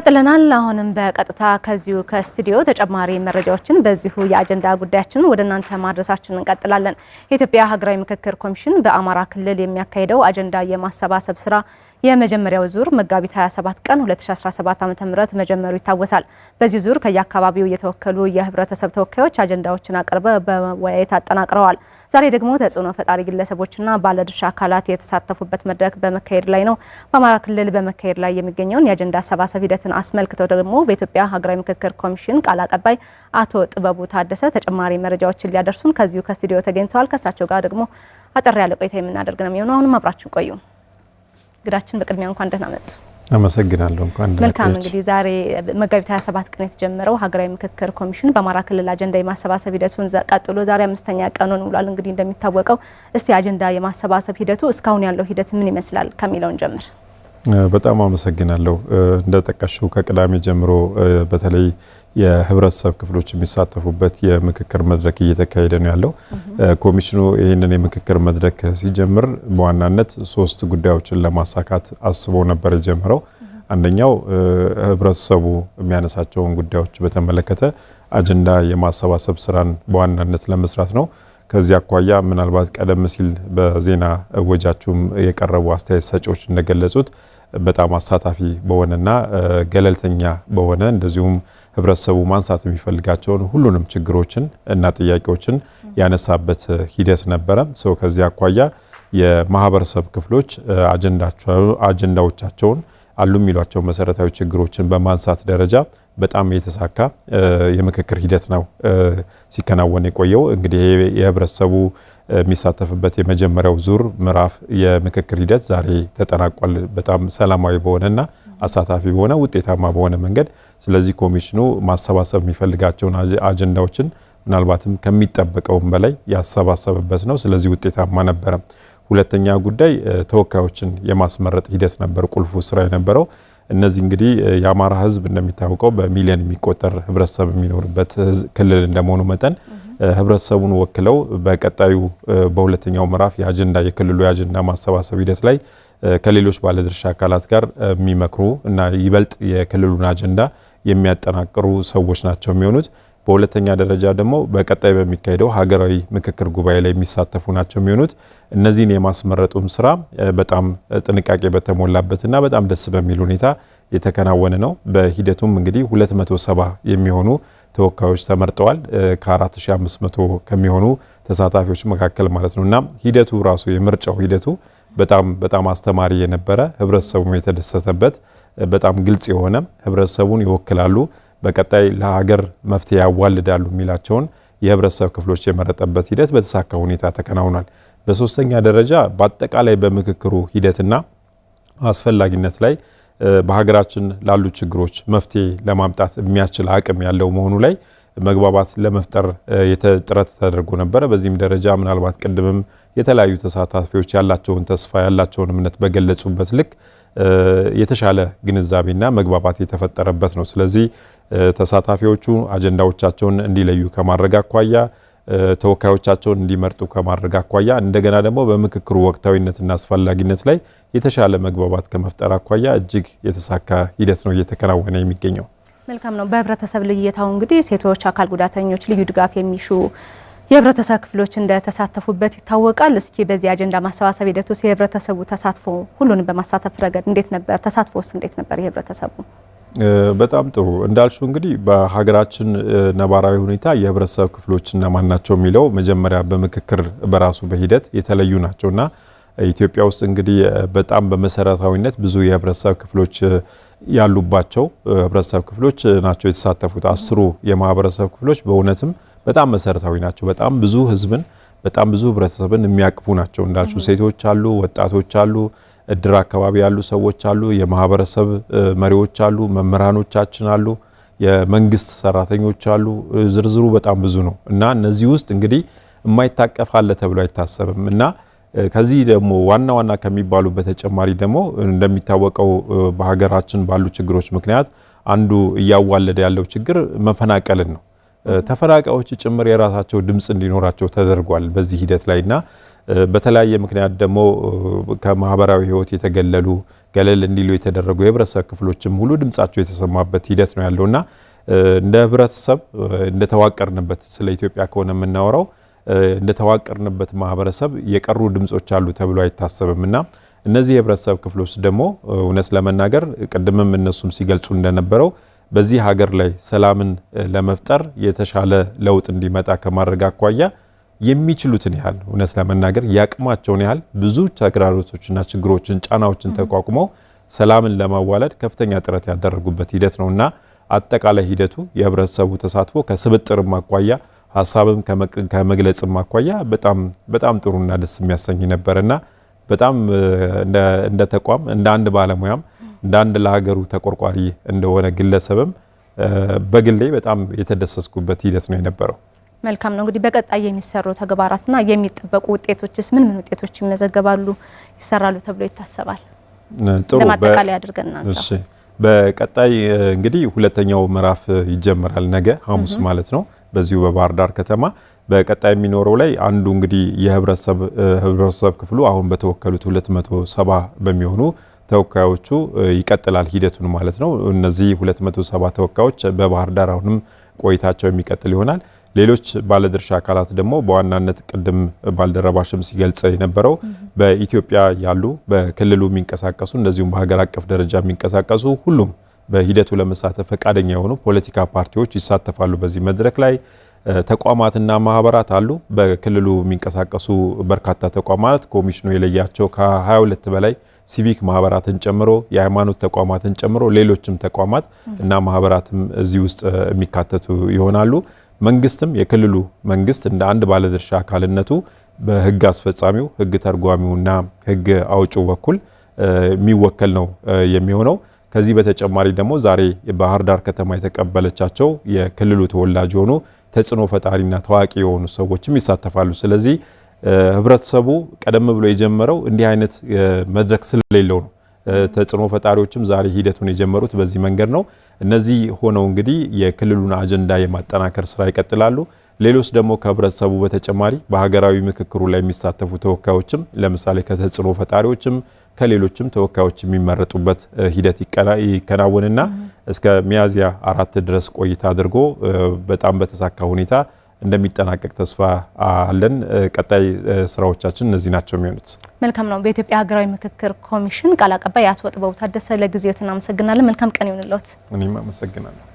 ቀጥለናል። አሁንም በቀጥታ ከዚሁ ከስቱዲዮ ተጨማሪ መረጃዎችን በዚሁ የአጀንዳ ጉዳያችን ወደ እናንተ ማድረሳችን እንቀጥላለን። የኢትዮጵያ ሀገራዊ ምክክር ኮሚሽን በአማራ ክልል የሚያካሄደው አጀንዳ የማሰባሰብ ስራ የመጀመሪያው ዙር መጋቢት 27 ቀን 2017 .ም መጀመሩ ይታወሳል። በዚህ ዙር ከየአካባቢው የተወከሉ የህብረተሰብ ተወካዮች አጀንዳዎችን አቅርበው በመወያየት አጠናቅረዋል። ዛሬ ደግሞ ተጽዕኖ ፈጣሪ ግለሰቦችና ባለድርሻ አካላት የተሳተፉበት መድረክ በመካሄድ ላይ ነው። በአማራ ክልል በመካሄድ ላይ የሚገኘውን የአጀንዳ አሰባሰብ ሂደትን አስመልክቶ ደግሞ በኢትዮጵያ ሀገራዊ ምክክር ኮሚሽን ቃል አቀባይ አቶ ጥበቡ ታደሰ ተጨማሪ መረጃዎችን ሊያደርሱን ከዚሁ ከስቱዲዮ ተገኝተዋል። ከእሳቸው ጋር ደግሞ አጠር ያለ ቆይታ የምናደርግ ነው የሚሆነው። አሁንም አብራችን ቆዩ። እንግዳችን በቅድሚያ እንኳን ደህና መጡ። አመሰግናለሁ። እንኳን መልካም እንግዲህ ዛሬ መጋቢት 27 ቀን የተጀመረው ሀገራዊ ምክክር ኮሚሽን በአማራ ክልል አጀንዳ የማሰባሰብ ሂደቱን ቀጥሎ ዛሬ አምስተኛ ቀኑን ውሏል። እንግዲህ እንደሚታወቀው እስቲ አጀንዳ የማሰባሰብ ሂደቱ እስካሁን ያለው ሂደት ምን ይመስላል ከሚለውን ጀምር። በጣም አመሰግናለሁ። እንደጠቀሽው ከቅዳሜ ጀምሮ በተለይ የህብረተሰብ ክፍሎች የሚሳተፉበት የምክክር መድረክ እየተካሄደ ነው ያለው። ኮሚሽኑ ይህንን የምክክር መድረክ ሲጀምር በዋናነት ሶስት ጉዳዮችን ለማሳካት አስቦ ነበር የጀመረው። አንደኛው ህብረተሰቡ የሚያነሳቸውን ጉዳዮች በተመለከተ አጀንዳ የማሰባሰብ ስራን በዋናነት ለመስራት ነው። ከዚህ አኳያ ምናልባት ቀደም ሲል በዜና እወጃችሁም የቀረቡ አስተያየት ሰጪዎች እንደገለጹት በጣም አሳታፊ በሆነና ገለልተኛ በሆነ እንደዚሁም ህብረተሰቡ ማንሳት የሚፈልጋቸውን ሁሉንም ችግሮችን እና ጥያቄዎችን ያነሳበት ሂደት ነበረ። ሰው ከዚህ አኳያ የማህበረሰብ ክፍሎች አጀንዳዎቻቸውን አሉ የሚሏቸው መሰረታዊ ችግሮችን በማንሳት ደረጃ በጣም የተሳካ የምክክር ሂደት ነው ሲከናወን የቆየው። እንግዲህ የህብረተሰቡ የሚሳተፍበት የመጀመሪያው ዙር ምዕራፍ የምክክር ሂደት ዛሬ ተጠናቋል። በጣም ሰላማዊ በሆነና አሳታፊ በሆነ ውጤታማ በሆነ መንገድ። ስለዚህ ኮሚሽኑ ማሰባሰብ የሚፈልጋቸውን አጀንዳዎችን ምናልባትም ከሚጠበቀውም በላይ ያሰባሰበበት ነው። ስለዚህ ውጤታማ ነበረ። ሁለተኛ ጉዳይ ተወካዮችን የማስመረጥ ሂደት ነበር ቁልፉ ስራ የነበረው። እነዚህ እንግዲህ የአማራ ህዝብ እንደሚታወቀው በሚሊዮን የሚቆጠር ህብረተሰብ የሚኖርበት ክልል እንደመሆኑ መጠን ህብረተሰቡን ወክለው በቀጣዩ በሁለተኛው ምዕራፍ የአጀንዳ የክልሉ የአጀንዳ ማሰባሰብ ሂደት ላይ ከሌሎች ባለድርሻ አካላት ጋር የሚመክሩ እና ይበልጥ የክልሉን አጀንዳ የሚያጠናቅሩ ሰዎች ናቸው የሚሆኑት። በሁለተኛ ደረጃ ደግሞ በቀጣይ በሚካሄደው ሀገራዊ ምክክር ጉባኤ ላይ የሚሳተፉ ናቸው የሚሆኑት። እነዚህን የማስመረጡም ስራ በጣም ጥንቃቄ በተሞላበትና በጣም ደስ በሚል ሁኔታ የተከናወነ ነው። በሂደቱም እንግዲህ 270 የሚሆኑ ተወካዮች ተመርጠዋል ከ4500 ከሚሆኑ ተሳታፊዎች መካከል ማለት ነው እና ሂደቱ ራሱ የምርጫው ሂደቱ በጣም በጣም አስተማሪ የነበረ ህብረተሰቡ የተደሰተበት በጣም ግልጽ የሆነ ህብረተሰቡን ይወክላሉ በቀጣይ ለሀገር መፍትሄ ያዋልዳሉ የሚላቸውን የህብረተሰብ ክፍሎች የመረጠበት ሂደት በተሳካ ሁኔታ ተከናውኗል። በሶስተኛ ደረጃ በአጠቃላይ በምክክሩ ሂደትና አስፈላጊነት ላይ በሀገራችን ላሉ ችግሮች መፍትሄ ለማምጣት የሚያስችል አቅም ያለው መሆኑ ላይ መግባባት ለመፍጠር ጥረት ተደርጎ ነበረ። በዚህም ደረጃ ምናልባት ቅድምም የተለያዩ ተሳታፊዎች ያላቸውን ተስፋ ያላቸውን እምነት በገለጹበት ልክ የተሻለ ግንዛቤና መግባባት የተፈጠረበት ነው። ስለዚህ ተሳታፊዎቹ አጀንዳዎቻቸውን እንዲለዩ ከማድረግ አኳያ ተወካዮቻቸውን እንዲመርጡ ከማድረግ አኳያ እንደገና ደግሞ በምክክሩ ወቅታዊነትና አስፈላጊነት ላይ የተሻለ መግባባት ከመፍጠር አኳያ እጅግ የተሳካ ሂደት ነው እየተከናወነ የሚገኘው። መልካም ነው። በህብረተሰብ ልይታው እንግዲህ ሴቶች፣ አካል ጉዳተኞች ልዩ ድጋፍ የሚሹ የህብረተሰብ ክፍሎች እንደተሳተፉበት ይታወቃል። እስኪ በዚህ አጀንዳ ማሰባሰብ ሂደት ውስጥ የህብረተሰቡ ተሳትፎ ሁሉንም በማሳተፍ ረገድ እንዴት ነበር? ተሳትፎ ውስጥ እንዴት ነበር የህብረተሰቡ? በጣም ጥሩ እንዳልሽው እንግዲህ በሀገራችን ነባራዊ ሁኔታ የህብረተሰብ ክፍሎች እነማን ናቸው የሚለው መጀመሪያ በምክክር በራሱ በሂደት የተለዩ ናቸውና ኢትዮጵያ ውስጥ እንግዲህ በጣም በመሰረታዊነት ብዙ የህብረተሰብ ክፍሎች ያሉባቸው ህብረተሰብ ክፍሎች ናቸው የተሳተፉት። አስሩ የማህበረሰብ ክፍሎች በእውነትም በጣም መሰረታዊ ናቸው። በጣም ብዙ ህዝብን በጣም ብዙ ህብረተሰብን የሚያቅፉ ናቸው። እንዳልሹ ሴቶች አሉ፣ ወጣቶች አሉ፣ እድር አካባቢ ያሉ ሰዎች አሉ፣ የማህበረሰብ መሪዎች አሉ፣ መምህራኖቻችን አሉ፣ የመንግስት ሰራተኞች አሉ። ዝርዝሩ በጣም ብዙ ነው እና እነዚህ ውስጥ እንግዲህ የማይታቀፍ አለ ተብሎ አይታሰብም እና ከዚህ ደግሞ ዋና ዋና ከሚባሉ በተጨማሪ ደግሞ እንደሚታወቀው በሀገራችን ባሉ ችግሮች ምክንያት አንዱ እያዋለደ ያለው ችግር መፈናቀልን ነው። ተፈናቃዮች ጭምር የራሳቸው ድምፅ እንዲኖራቸው ተደርጓል በዚህ ሂደት ላይ እና በተለያየ ምክንያት ደግሞ ከማህበራዊ ህይወት የተገለሉ ገለል እንዲሉ የተደረጉ የህብረተሰብ ክፍሎችም ሁሉ ድምጻቸው የተሰማበት ሂደት ነው ያለውና እንደ ህብረተሰብ እንደተዋቀርንበት ስለ ኢትዮጵያ ከሆነ የምናወራው እንደተዋቀርንበት ማህበረሰብ የቀሩ ድምጾች አሉ ተብሎ አይታሰብም እና እነዚህ የህብረተሰብ ክፍሎች ደግሞ እውነት ለመናገር ቅድምም እነሱም ሲገልጹ እንደነበረው በዚህ ሀገር ላይ ሰላምን ለመፍጠር የተሻለ ለውጥ እንዲመጣ ከማድረግ አኳያ የሚችሉትን ያህል እውነት ለመናገር ያቅማቸውን ያህል ብዙ ተግዳሮቶችና ችግሮችን፣ ጫናዎችን ተቋቁመው ሰላምን ለማዋለድ ከፍተኛ ጥረት ያደረጉበት ሂደት ነው እና አጠቃላይ ሂደቱ የህብረተሰቡ ተሳትፎ ከስብጥርም አኳያ ሀሳብም ከመግለጽም አኳያ በጣም በጣም ጥሩና ደስ የሚያሰኝ ነበርና በጣም እንደ ተቋም እንደ አንድ ባለሙያም እንዳንድ ለሀገሩ ተቆርቋሪ እንደሆነ ግለሰብም በግሌ በጣም የተደሰትኩበት ሂደት ነው የነበረው። መልካም ነው እንግዲህ በቀጣይ የሚሰሩ ተግባራትና የሚጠበቁ ውጤቶችስ ምን ምን ውጤቶች ይመዘገባሉ ይሰራሉ ተብሎ ይታሰባል? ጥሩ ለማጠቃለያ አድርገን በቀጣይ እንግዲህ ሁለተኛው ምዕራፍ ይጀምራል ነገ ሐሙስ ማለት ነው በዚሁ በባህር ዳር ከተማ በቀጣይ የሚኖረው ላይ አንዱ እንግዲህ የህብረተሰብ ክፍሉ አሁን በተወከሉት 270 በሚሆኑ ተወካዮቹ ይቀጥላል ሂደቱን ማለት ነው። እነዚህ 270 ተወካዮች በባህር ዳር አሁንም ቆይታቸው የሚቀጥል ይሆናል። ሌሎች ባለድርሻ አካላት ደግሞ በዋናነት ቅድም ባልደረባሽም ሲገልጽ የነበረው በኢትዮጵያ ያሉ በክልሉ የሚንቀሳቀሱ እንደዚሁም በሀገር አቀፍ ደረጃ የሚንቀሳቀሱ ሁሉም በሂደቱ ለመሳተፍ ፈቃደኛ የሆኑ ፖለቲካ ፓርቲዎች ይሳተፋሉ። በዚህ መድረክ ላይ ተቋማትና ማህበራት አሉ። በክልሉ የሚንቀሳቀሱ በርካታ ተቋማት ኮሚሽኑ የለያቸው ከ22 በላይ ሲቪክ ማህበራትን ጨምሮ የሃይማኖት ተቋማትን ጨምሮ ሌሎችም ተቋማት እና ማህበራትም እዚህ ውስጥ የሚካተቱ ይሆናሉ። መንግስትም የክልሉ መንግስት እንደ አንድ ባለድርሻ አካልነቱ በህግ አስፈጻሚው፣ ህግ ተርጓሚውና ህግ አውጪው በኩል የሚወከል ነው የሚሆነው። ከዚህ በተጨማሪ ደግሞ ዛሬ ባህር ዳር ከተማ የተቀበለቻቸው የክልሉ ተወላጅ የሆኑ ተጽዕኖ ፈጣሪና ታዋቂ የሆኑ ሰዎችም ይሳተፋሉ። ስለዚህ ህብረተሰቡ ቀደም ብሎ የጀመረው እንዲህ አይነት መድረክ ስለሌለው ነው። ተጽዕኖ ፈጣሪዎችም ዛሬ ሂደቱን የጀመሩት በዚህ መንገድ ነው። እነዚህ ሆነው እንግዲህ የክልሉን አጀንዳ የማጠናከር ስራ ይቀጥላሉ። ሌሎች ደግሞ ከህብረተሰቡ በተጨማሪ በሀገራዊ ምክክሩ ላይ የሚሳተፉ ተወካዮችም ለምሳሌ ከተጽዕኖ ፈጣሪዎችም ከሌሎችም ተወካዮች የሚመረጡበት ሂደት ይከናወንና እስከ ሚያዝያ አራት ድረስ ቆይታ አድርጎ በጣም በተሳካ ሁኔታ እንደሚጠናቀቅ ተስፋ አለን። ቀጣይ ስራዎቻችን እነዚህ ናቸው የሚሆኑት። መልካም ነው። በኢትዮጵያ ሀገራዊ ምክክር ኮሚሽን ቃል አቀባይ አቶ ወጥበው ታደሰ ለጊዜዎት እናመሰግናለን። መልካም ቀን ይሁንልዎት። እኔም አመሰግናለሁ።